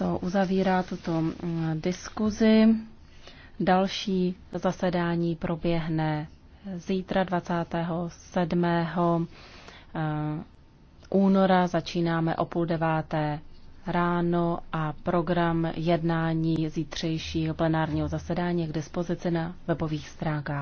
to uzavírá tuto mm, diskuzi. Další zasedání proběhne zítra 27. Eh, února. Začínáme o půl deváté ráno a program jednání zítřejšího plenárního zasedání je k dispozici na webových stránkách.